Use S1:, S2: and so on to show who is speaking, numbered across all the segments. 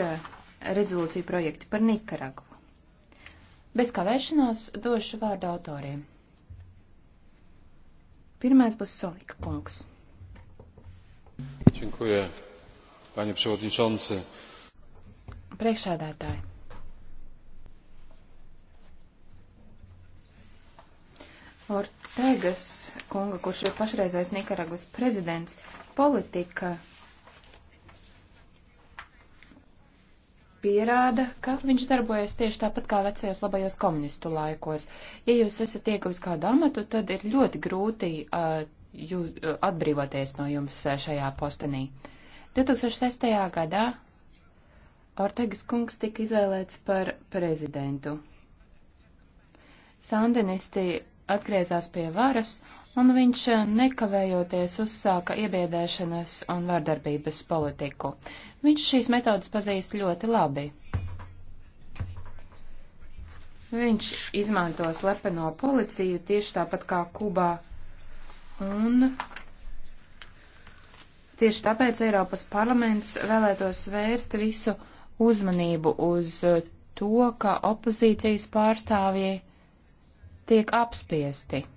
S1: Uh, rezolūciju projekti par Nikaragu. Bez kavēšanās došu vārdu autoriem. Pirmais būs Solika kungs. Dziękuję, panie przewodniczący. Priekšādātāji. Ortegas kunga, kurš ir pašreizais Nikaragas prezidents, politika pierāda, ka viņš darbojas tieši tāpat kā vecajos labajos komunistu laikos. Ja jūs esat ieguvis kādu amatu, tad ir ļoti grūti uh, jūs, uh, atbrīvoties no jums uh, šajā postenī. 2006. gadā Ortegas kungs tika izvēlēts par prezidentu. Sandinisti atgriezās pie varas un viņš eh, nekavējoties uzsāka iebiedēšanas un vardarbības politiku. Viņš šīs metodas pazīst ļoti labi. Viņš izmanto slepeno policiju tieši tāpat kā Kubā, un tieši tāpēc Eiropas parlaments vēlētos vērst visu uzmanību uz eh, to, ka opozīcijas pārstāvji tiek apspiesti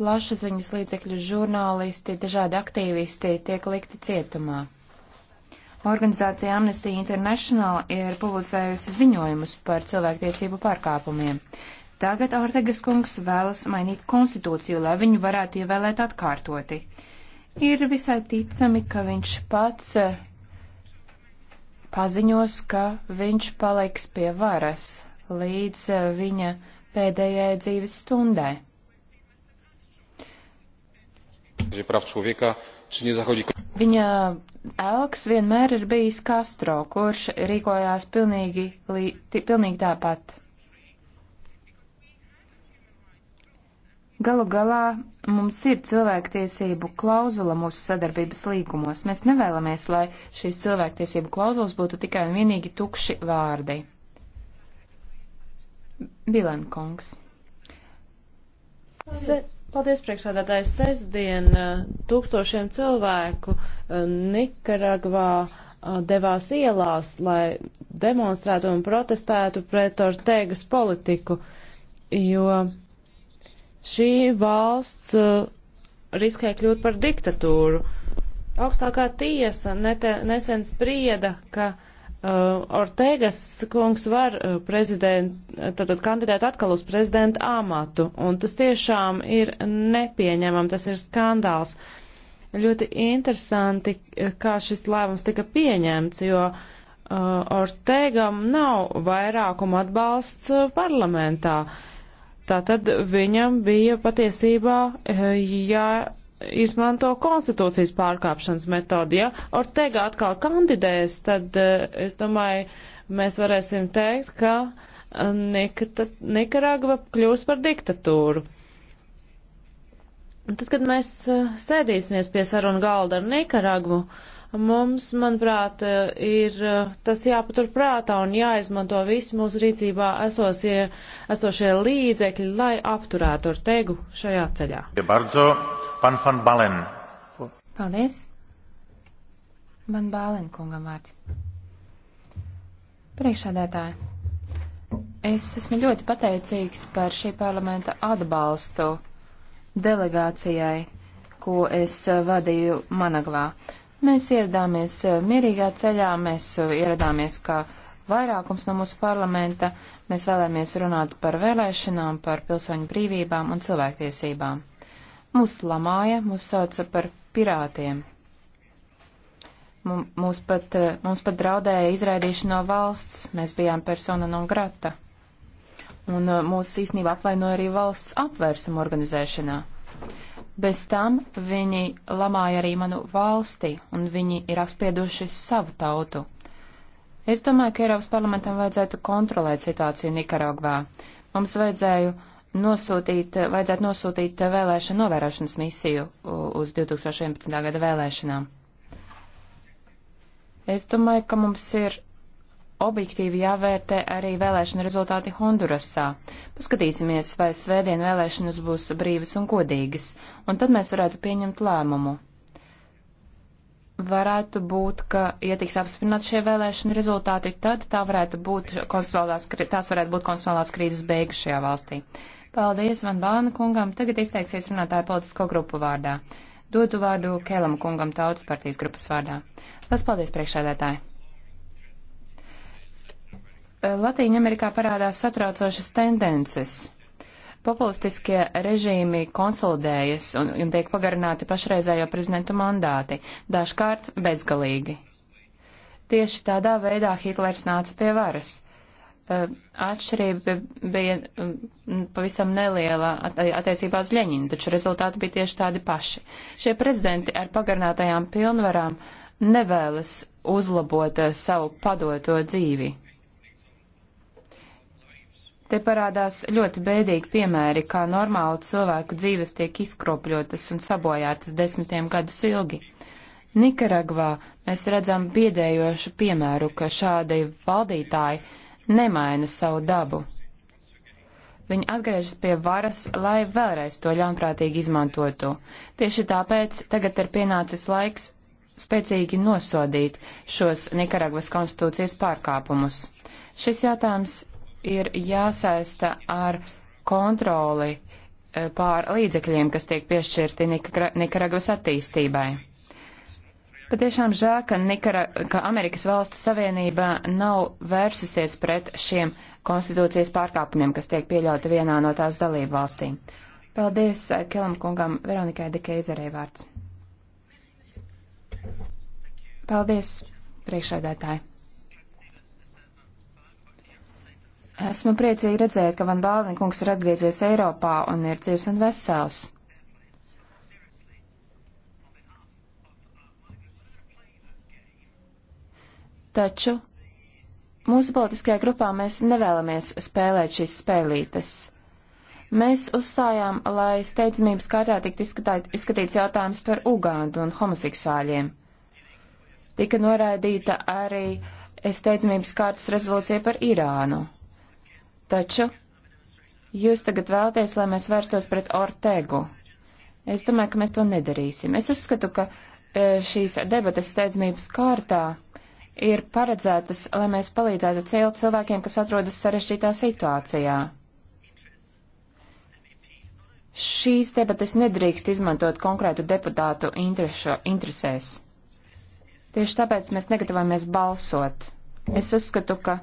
S1: plašsaziņas līdzekļu žurnālisti, dažādi aktīvisti tiek likti cietumā. Organizācija Amnesty International ir publicējusi ziņojumus par cilvēktiesību pārkāpumiem. Tagad Ortegas kungs vēlas mainīt konstitūciju, lai viņu varētu ievēlēt atkārtoti. Ir visai ticami, ka viņš pats eh, paziņos, ka viņš paliks pie varas līdz eh, viņa pēdējai dzīves stundai. Viņa elks vienmēr ir bijis Castro, kurš rīkojās pilnīgi, li, t, pilnīgi tāpat. Galu galā mums ir cilvēktiesību klauzula mūsu sadarbības līgumos. Mēs nevēlamies, lai šīs cilvēktiesību klauzulas būtu tikai un vienīgi tukši vārdi. Bilankungs.
S2: Se Paldies, priekšsādātājs. Sesdien eh, tūkstošiem cilvēku eh, Nikaragvā eh, devās ielās, lai demonstrētu un protestētu pret Ortegas politiku, jo šī valsts riskē kļūt par diktatūru. Augstākā tiesa neten, nesen sprieda, ka uh, uh, Ortegas kungs var uh, prezident, uh, tātad kandidēt atkal uz prezidenta amatu, un tas tiešām ir nepieņemam, tas ir skandāls. Ļoti interesanti, uh, kā šis lēmums tika pieņemts, jo uh, Ortegam nav vairākuma atbalsts uh, parlamentā. Tātad viņam bija patiesībā uh, jā, izmanto konstitūcijas pārkāpšanas metodi. Ja Ortega atkal kandidēs, tad eh, es domāju, mēs varēsim teikt, ka eh, Nikta, Nikaragva kļūs par diktatūru. Un tad, kad mēs eh, sēdīsimies pie sarunu galda ar Nikaragvu, uh, Mums, manuprāt, ir tas jāpatur prātā un jāizmanto visi mūsu rīcībā esosie, esošie līdzekļi, lai apturētu ar teigu šajā ceļā.
S1: Paldies. Man Bālen kungam vārds. Priekšādētāji, es esmu ļoti pateicīgs par šī parlamenta atbalstu delegācijai, ko es vadīju Managvā. Mēs ieradāmies eh, mierīgā ceļā, mēs eh, ieradāmies kā vairākums no mūsu parlamenta, mēs vēlamies runāt par vēlēšanām, par pilsoņu brīvībām un cilvēktiesībām. Mūs lamāja, mūs sauca par pirātiem. Mums pat, eh, mums pat draudēja izraidīšana no valsts, mēs bijām persona non grata. Un mūs īstenībā apvainoja arī valsts apvērsuma organizēšanā. Bez tam viņi lamāja arī manu valsti, un viņi ir apspieduši savu tautu. Es domāju, ka Eiropas parlamentam vajadzētu kontrolēt situāciju Nikaragvā. Mums vajadzēja nosūtīt, vajadzētu nosūtīt vēlēšanu novērošanas misiju uz 2011. gada vēlēšanām. Es domāju, ka mums ir objektīvi jāvērtē arī vēlēšana rezultāti Hondurasā. Paskatīsimies, vai svētdien vēlēšanas būs brīvas un godīgas, un tad mēs varētu pieņemt lēmumu. Varētu būt, ka, ja tiks apsprināt šie vēlēšana rezultāti, tad tā varētu būt tās varētu būt konsolās krīzes beigas šajā valstī. Paldies Van Bāna kungam. Tagad izteiksies runātāja politisko grupu vārdā. Dodu vārdu Kēlam kungam tautas partijas grupas vārdā. Lielas paldies priekšsēdētāji! Latīņa Amerikā parādās satraucošas tendences. Populistiskie režīmi konsolidējas un, un tiek pagarināti pašreizējo prezidentu mandāti, dažkārt bezgalīgi. Tieši tādā veidā Hitlers nāca pie varas. Atšķirība bija pavisam neliela attiecībā uz Ļeņinu, taču rezultāti bija tieši tādi paši. Šie prezidenti ar pagarinātajām pilnvarām nevēlas uzlabot savu padoto dzīvi. Te parādās ļoti bēdīgi piemēri, kā normālu cilvēku dzīves tiek izkropļotas un sabojātas desmitiem gadus ilgi. Nikaragvā mēs redzam biedējošu piemēru, ka šādi valdītāji nemaina savu dabu. Viņi atgriežas pie varas, lai vēlreiz to ļaunprātīgi izmantotu. Tieši tāpēc tagad ir pienācis laiks spēcīgi nosodīt šos Nikaragvas konstitūcijas pārkāpumus. Šis jautājums ir jāsaista ar kontroli eh, pār līdzekļiem, kas tiek piešķirti Nikaragvas attīstībai. Patiešām žēl, ka, Nikara, ka Amerikas Valstu Savienība nav vērsusies pret šiem konstitūcijas pārkāpumiem, kas tiek pieļauti vienā no tās dalību valstīm. Paldies eh, Kelam kungam Veronikai Dekeizerē vārds. Paldies, priekšēdētāji. Esmu priecīgi redzēt, ka Van Bālenkungs ir atgriezies Eiropā un ir dzīves un vesels. Taču mūsu politiskajā grupā mēs nevēlamies spēlēt šīs spēlītes. Mēs uzstājām, lai steidzamības kārtā tiktu izskatāt, izskatīts jautājums par Ugandu un homoseksuāļiem. Tika noraidīta arī steidzamības kārtas rezolūcija par Irānu. Taču jūs tagad vēlaties, lai mēs vērstos pret Ortegu. Es domāju, ka mēs to nedarīsim. Es uzskatu, ka e, šīs debatas steidzamības kārtā ir paredzētas, lai mēs palīdzētu cēlt cilvēkiem, kas atrodas sarešķītā situācijā. Šīs debatas nedrīkst izmantot konkrētu deputātu interešu, interesēs. Tieši tāpēc mēs negatavojamies balsot. Es uzskatu, ka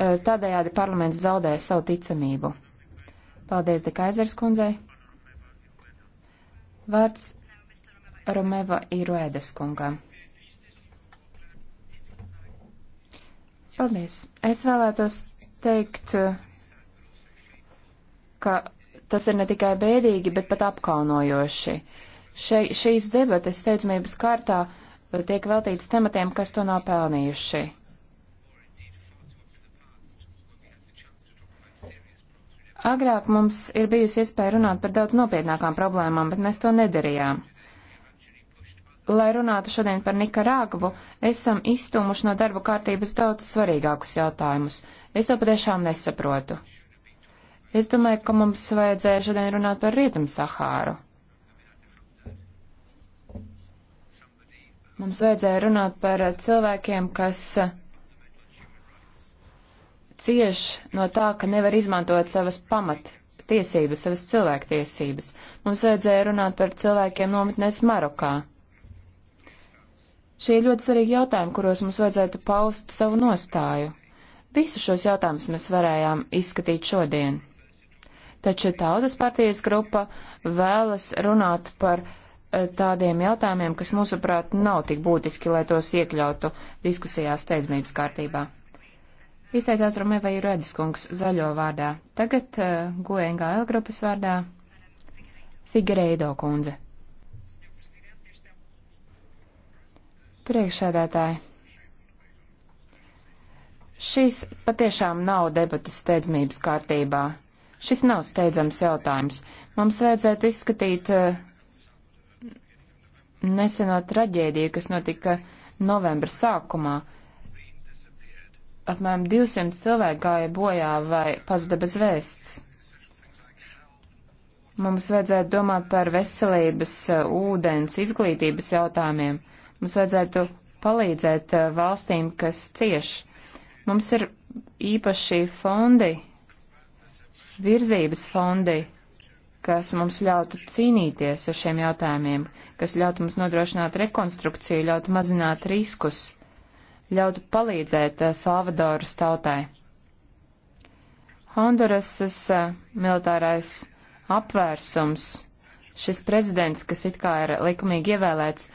S1: Eh, tādējādi parlaments zaudēja savu ticamību. Paldies Dekaizers kundzei. Vārds Romeva Iruēdes kungam. Paldies. Es vēlētos teikt, ka tas ir ne tikai bēdīgi, bet pat apkaunojoši. Še, šīs debates steidzamības kārtā eh, tiek veltītas tematiem, kas to nav pelnījuši. Agrāk mums ir bijusi iespēja runāt par daudz nopietnākām problēmām, bet mēs to nedarījām. Lai runātu šodien par Nikaragvu, esam izstūmuši no darba kārtības daudz svarīgākus jautājumus. Es to patiešām nesaprotu. Es domāju, ka mums vajadzēja šodien runāt par Rietumu Sahāru. Mums vajadzēja runāt par cilvēkiem, kas cieš no tā, ka nevar izmantot savas pamat tiesības, savas cilvēktiesības. Mums vajadzēja runāt par cilvēkiem nometnēs Marokā. Šie ir ļoti svarīgi jautājumi, kuros mums vajadzētu paust savu nostāju. Visus šos jautājumus mēs varējām izskatīt šodien. Taču Tautas partijas grupa vēlas runāt par eh, tādiem jautājumiem, kas mūsuprāt nav tik būtiski, lai tos iekļautu diskusijās steidzamības kārtībā. Izteicās Romevai Rēdiskungs zaļo vārdā. Tagad uh, eh, GOENGL grupas vārdā Figureido kundze. Priekšsēdētāji. Šīs patiešām nav debatas steidzamības kārtībā. Šis nav steidzams jautājums. Mums vajadzētu izskatīt uh, neseno traģēdiju, kas notika novembra sākumā. Uh, apmēram 200 cilvēku gāja bojā vai pazuda bez vēsts. Mums vajadzētu domāt par veselības, uh, ūdens, izglītības jautājumiem. Mums vajadzētu palīdzēt uh, valstīm, kas cieš. Mums ir īpaši fondi, virzības fondi, kas mums ļautu cīnīties ar šiem jautājumiem, kas ļautu mums nodrošināt rekonstrukciju, ļautu mazināt riskus ļautu palīdzēt eh, Salvadoras tautai. Hondurasas eh, militārais apvērsums, šis prezidents, kas it kā ir likumīgi ievēlēts,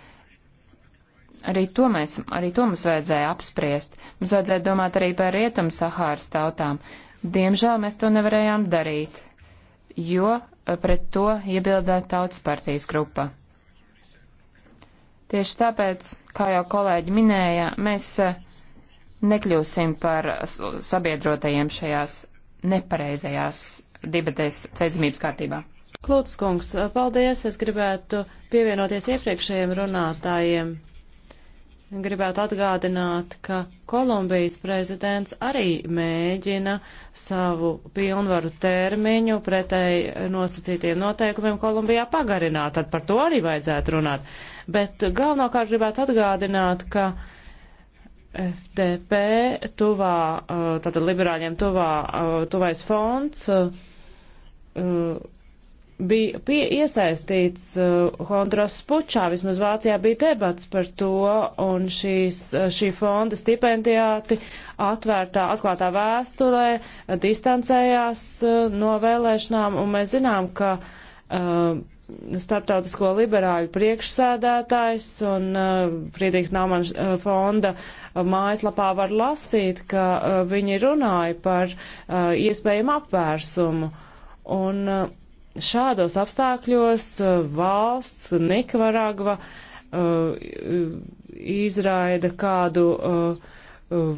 S1: arī to, mēs, arī to mums vajadzēja apspriest. Mums vajadzēja domāt arī par rietumu Sahāras tautām. Diemžēl mēs to nevarējām darīt, jo eh, pret to iebildē tautas partijas grupa. Tieši tāpēc, kā jau kolēģi minēja, mēs eh, nekļūsim par sabiedrotajiem šajās nepareizajās debatēs steidzamības kārtībā.
S2: Klūts kungs, paldies! Es gribētu pievienoties iepriekšējiem runātājiem gribētu atgādināt, ka Kolumbijas prezidents arī mēģina savu pilnvaru termiņu pretēji nosacītiem noteikumiem Kolumbijā pagarināt, tad par to arī vajadzētu runāt. Bet galvenokārt gribētu atgādināt, ka FTP tuvā, uh, tātad liberāļiem tuvā, uh, tuvais fonds uh, bija pie, iesaistīts uh, Hondros pučā, vismaz Vācijā bija debats par to, un šīs, uh, šī fonda stipendiāti atvērtā, atklātā vēsturē distancējās uh, no vēlēšanām, un mēs zinām, ka uh, starptautisko liberāļu priekšsēdētājs un uh, Friedrich Naumann uh, fonda mājaslapā var lasīt, ka uh, viņi runāja par uh, iespējumu apvērsumu. Un, uh, šādos apstākļos uh, valsts Nikvaragva uh, izraida kādu uh,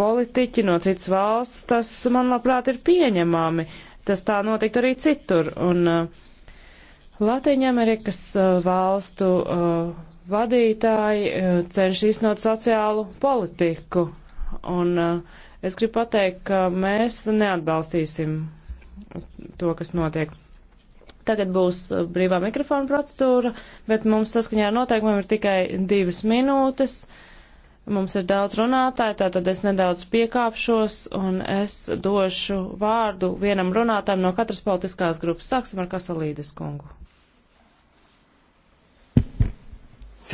S2: politiķi no citas valsts, tas, man labprāt, ir pieņemami. Tas tā notiktu arī citur. Un Latvijas-Amerikas valstu vadītāji cenšas iznot sociālu politiku. Un es gribu pateikt, ka mēs neatbalstīsim to, kas notiek. Tagad būs uh, brīvā mikrofona procedūra, bet mums saskaņā ar noteikumiem ir tikai divas minūtes. Mums ir daudz runātāju, tātad es nedaudz piekāpšos un es došu vārdu vienam runātājam no katras politiskās grupas. Sāksim ar Kasalīdes kungu.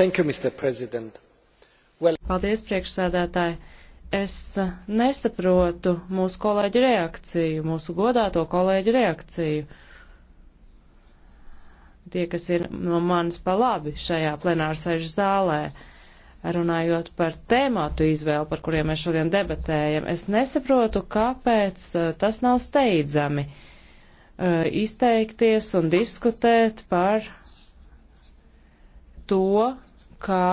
S2: Thank you, Mr. President. Well... Paldies, priekšsēdētāji. Es eh, nesaprotu mūsu kolēģi reakciju, mūsu godāto kolēģi reakciju. Tie, kas ir no manis pa labi šajā plenārsēžu zālē, runājot par tēmātu izvēlu, par kuriem mēs šodien debatējam, es nesaprotu, kāpēc eh, tas nav steidzami eh, izteikties un diskutēt par to, kā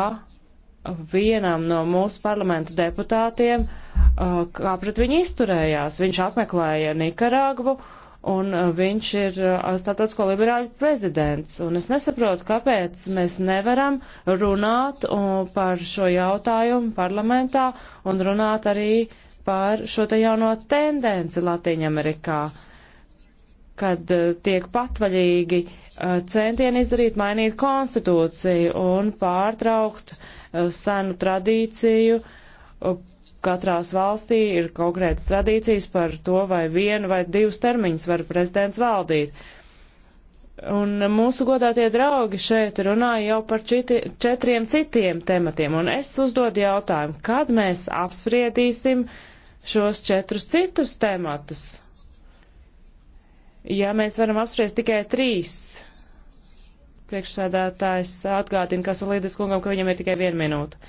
S2: vienam no mūsu parlamenta deputātiem, uh, kā pret viņu izturējās. Viņš apmeklēja Nikaragvu un uh, viņš ir uh, starptautisko liberāļu prezidents. Un es nesaprotu, kāpēc mēs nevaram runāt par šo jautājumu parlamentā un runāt arī par šo te jauno tendenci Latīņamerikā, kad tiek patvaļīgi centieni izdarīt, mainīt konstitūciju un pārtraukt uh, Uh, senu tradīciju. Uh, katrās valstī ir konkrētas tradīcijas par to, vai vienu vai divus termiņus var prezidents valdīt. Un mūsu godātie draugi šeit runāja jau par čiti, četriem citiem tematiem, un es uzdodu jautājumu, kad mēs apspriedīsim šos četrus citus tematus? Ja mēs varam apspriest tikai trīs Priekšsēdētājs atgādina Kasulīdes kungam, ka viņam ir tikai viena minūte.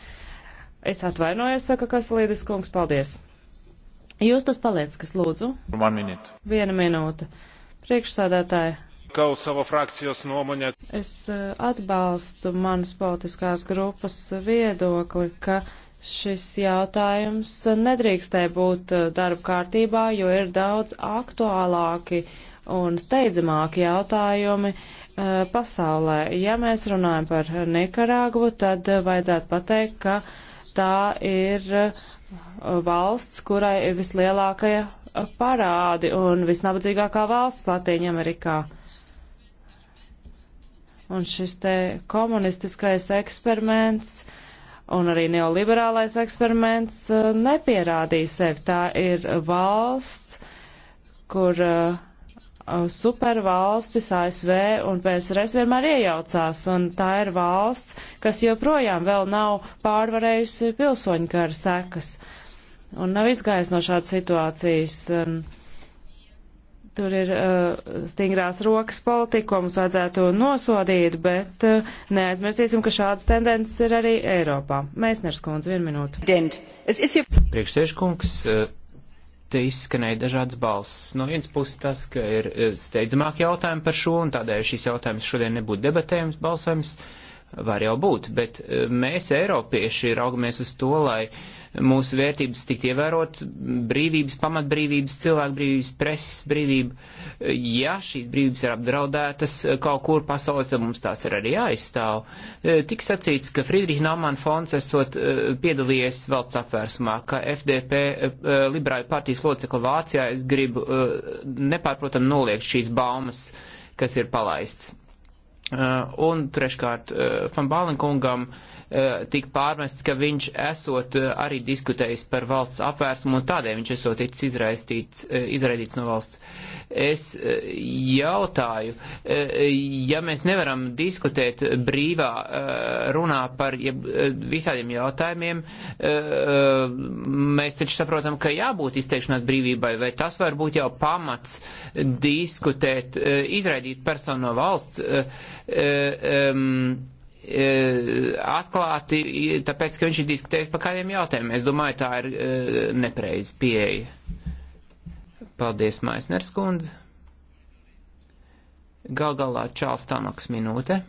S2: Es atvainojos, saka Kasulīdes kungs, paldies. Jūs tas paliec, kas lūdzu? One minute. Viena minūte. Priekšsēdētāji.
S3: Kau savo frakcijos nuomonę.
S2: Es eh, atbalstu manas politiskās grupas viedokli, ka šis jautājums nedrīkstē būt eh, darba kārtībā, jo ir daudz aktuālāki un steidzamāki jautājumi uh, pasaulē. Ja mēs runājam par Nikaragvu, tad eh, vajadzētu pateikt, ka tā ir eh, valsts, kurai ir vislielākie parādi un visnabadzīgākā valsts Latīņamerikā. Un šis te komunistiskais eksperiments un arī neoliberālais eksperiments nepierādīja sevi. Tā ir valsts, kur uh, Uh, supervalstis ASV un PSRS vienmēr iejaucās, un tā ir valsts, kas joprojām vēl nav pārvarējusi pilsoņu kara sekas un nav izgājis no šādas situācijas. Un, Tur ir uh, stingrās rokas politika, ko mums vajadzētu nosodīt, bet uh, neaizmirsīsim, ka šādas tendences ir arī Eiropā. Mēsners kundze, vienu minūtu.
S3: Priekšsēžkungs, uh, te izskanēja dažādas balss. No vienas puses tas, ka ir e, steidzamāk jautājumi par šo, un tādēļ šis jautājums šodien nebūtu debatējums, balsojums, var jau būt, bet e, mēs, Eiropieši, raugamies uz to, lai uh, mūsu vērtības tikt ievērot, brīvības, pamatbrīvības, cilvēkbrīvības, preses brīvība. Ja šīs brīvības ir apdraudētas kaut kur pasaulē, tad mums tās ir arī jāizstāv. E, Tik sacīts, ka Friedrich Naumann fonds esot e, piedalījies valsts apvērsumā, ka FDP e, liberāļu partijas locekla Vācijā es gribu nepārprotam noliegt šīs baumas, kas ir palaists. Un treškārt, Van Bālenkungam uh, Eh, tika pārmests, ka viņš esot eh, arī diskutējis par valsts apvērsumu un tādēļ viņš esot ticis izraidīts, eh, izraidīts no valsts. Es jautāju, ja mēs nevaram diskutēt brīvā runā par visādiem jautājumiem, mēs taču saprotam, ka jābūt izteikšanās brīvībai, vai tas var būt jau pamats diskutēt, izraidīt personu no valsts. Um, E, atklāti, tāpēc, ka viņš ir diskutējis par kādiem jautājumiem. Es domāju, tā ir e, nepreiz pieeja. Paldies, Maisners kundze. Gal galā Čāls Tanaks minūte.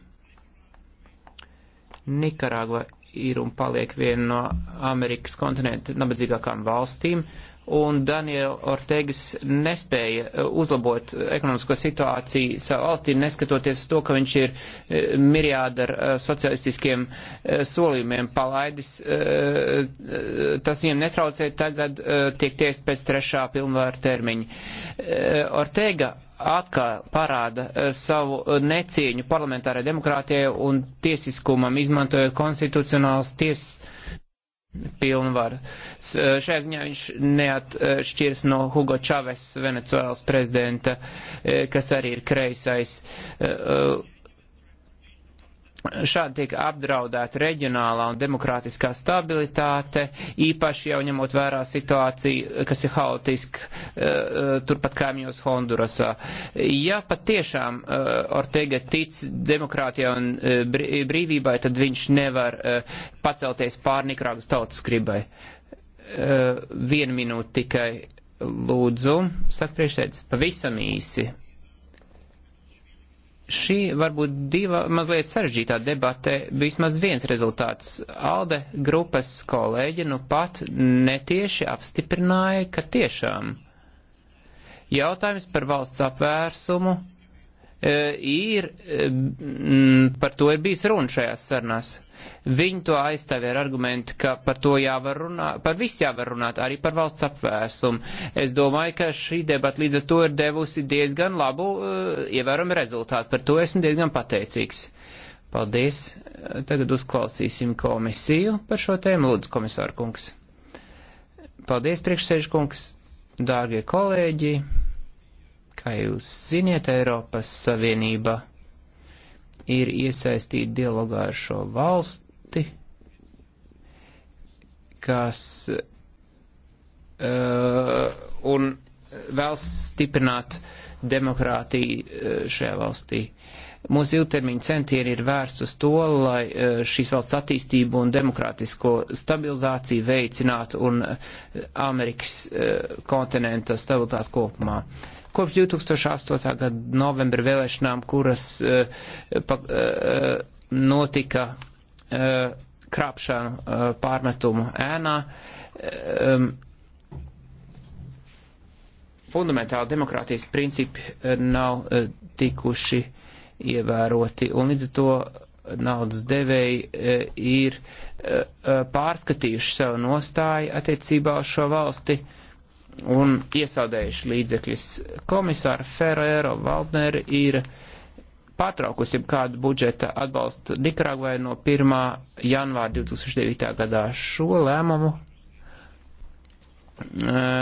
S3: Nikaragva ir un paliek viena no Amerikas kontinenta nabadzīgākām valstīm. Uh, un Daniela Ortegas nespēja eh, uzlabot ekonomisko situāciju savā valstī, neskatoties to, ka viņš ir eh, mirjāda ar eh, socialistiskiem solījumiem palaidis. Tas viņam netraucēja tagad tiek tiest pēc trešā pilnvaru termiņa. Ortega atkal parāda savu necieņu parlamentārai demokrātijai un tiesiskumam, izmantojot konstitucionālas tiesas pilnvaru. Eh, šajā ziņā viņš neatšķirs eh, no Hugo Čaves, Venecuēlas prezidenta, eh, kas arī ir kreisais. Uh, Šādi tiek apdraudēta reģionālā un demokrātiskā stabilitāte, īpaši jau ņemot vērā situāciju, kas ir haotiska eh, eh, turpat kaimiņos Hondurasā. Ja pat tiešām eh, Ortega tic demokrātijai un brīvībai, tad viņš nevar pacelties pār Nikrāgas tautas gribai. Vienu minūti tikai lūdzu, saka priekšsēdz, pavisam īsi šī varbūt diva mazliet sarežģītā debate vismaz viens rezultāts. Alde grupas kolēģi nu pat netieši apstiprināja, ka tiešām jautājums par valsts apvērsumu ir, par to ir bijis runa šajās sarunās. Viņi to aizstāvja ar argumentu, ka par to jāvar runāt, par visu jāvar runāt, arī par valsts apvērsumu. Es domāju, ka šī debata līdz ar to ir devusi diezgan labu, ievērumu rezultātu. Par to esmu diezgan pateicīgs. Paldies. Tagad uzklausīsim komisiju par šo tēmu. Lūdzu, komisāra kungs. Paldies, priekšsēžkungs, dārgie kolēģi. Kā jūs ziniet, Eiropas Savienība ir iesaistīta dialogā ar šo valsti, kas uh, un vēlas stiprināt demokrātiju uh, šajā valstī. Mūsu ilgtermiņa centieni ir vērsts uz to, lai uh, šīs valsts attīstību un demokrātisko stabilizāciju veicinātu un uh, Amerikas kontinenta stabilitāti kopumā. Uh, Kopš 2008. gada novembra vēlēšanām, kuras uh, pa, uh, notika uh, krāpšanu uh, pārmetumu ēnā, um, fundamentāli demokrātijas principi uh, nav uh, tikuši ievēroti. Un līdz ar to naudas devēji ir pārskatījuši savu nostāju attiecībā uz šo valsti un iesaudējuši līdzekļus. Komisāra Ferrero Valdner ir pārtraukusi kādu budžeta atbalstu Nikaragvai no 1. janvāra 2009. gadā šo lēmumu. Eh,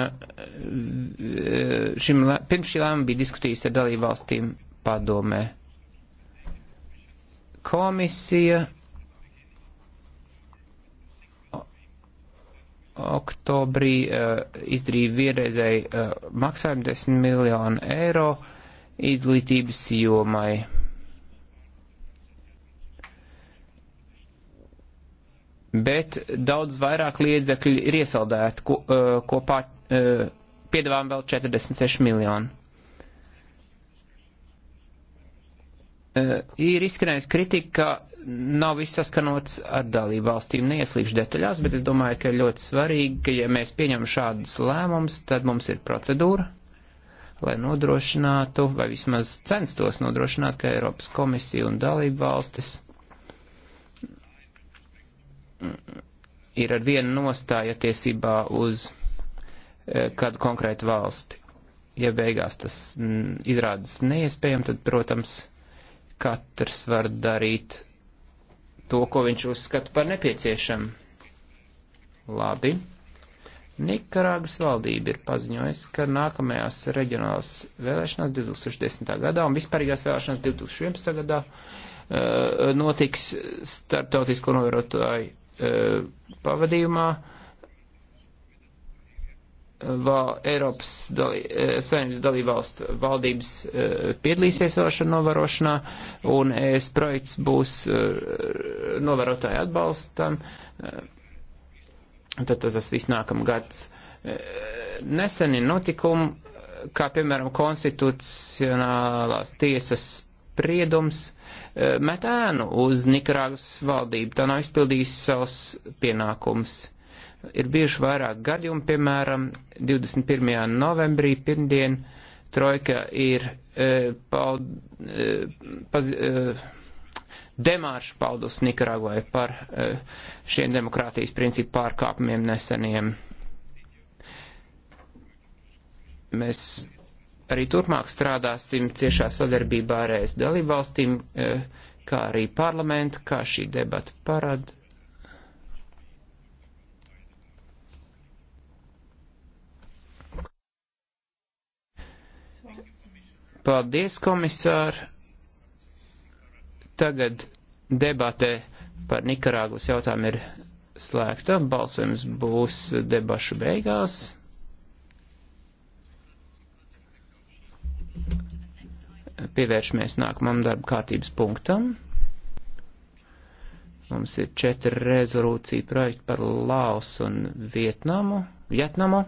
S3: šim, pirms šī lēmuma bija diskutījis ar dalību valstīm padomē. Komisija oktobrī eh, izdarīja vienreizēju eh, maksājumu 10 miljonu eiro izglītības jomai. Bet daudz vairāk liedzekļi ir iesaldēti, ko, eh, kopā piedāvājam vēl 46 miljonu. Ir izskanējis kritika, ka nav viss saskanots ar dalību valstīm. Neieslīgšu detaļās, bet es domāju, ka ļoti svarīgi, ka ja mēs pieņemam šādas lēmumus, tad mums ir procedūra, lai nodrošinātu, vai vismaz censtos nodrošināt, ka Eiropas komisija un dalību valstis ir ar vienu nostāju attiecībā uz eh, kādu konkrētu valsti. Ja beigās tas mm, izrādas neiespējami, tad, protams, katrs var darīt to, ko viņš uzskata par nepieciešamu. Labi. Nikarāgas valdība ir paziņojusi, ka nākamajās reģionālās vēlēšanās 2010. gadā un vispārīgās vēlēšanās 2011. gadā uh, notiks starptautisko novērotāju uh, pavadījumā uh, val, Eiropas dalī, eh, Savienības dalībvalstu valdības eh, piedalīsies vēlēšanu novērošanā, un ES projekts būs eh, novērotāju atbalstam. Tad, tad tas viss nākamgads. Neseni notikumi, kā piemēram konstitucionālās tiesas spriedums, metēnu uz Nikarāgas valdību. Tā nav izpildījusi savus pienākumus Ir bieži vairāk gadījumi, piemēram, 21. novembrī, pirmdien, Trojka ir e, paud, e, paz, e, demāršu paudus Nikaragvai par e, šiem demokrātijas principu pārkāpumiem neseniem. Mēs arī turpmāk strādāsim ciešā sadarbībā ar ES dalībvalstīm, e, kā arī parlamentu, kā šī debata parāda Paldies, komisār. Tagad debatē par Nikarāgus jautājumu ir slēgta. Balsojums būs debašu beigās. Pievēršamies nākamam darba kārtības punktam. Mums ir četri rezolūcija projekti par Laos un Vietnamu. Vietnamu.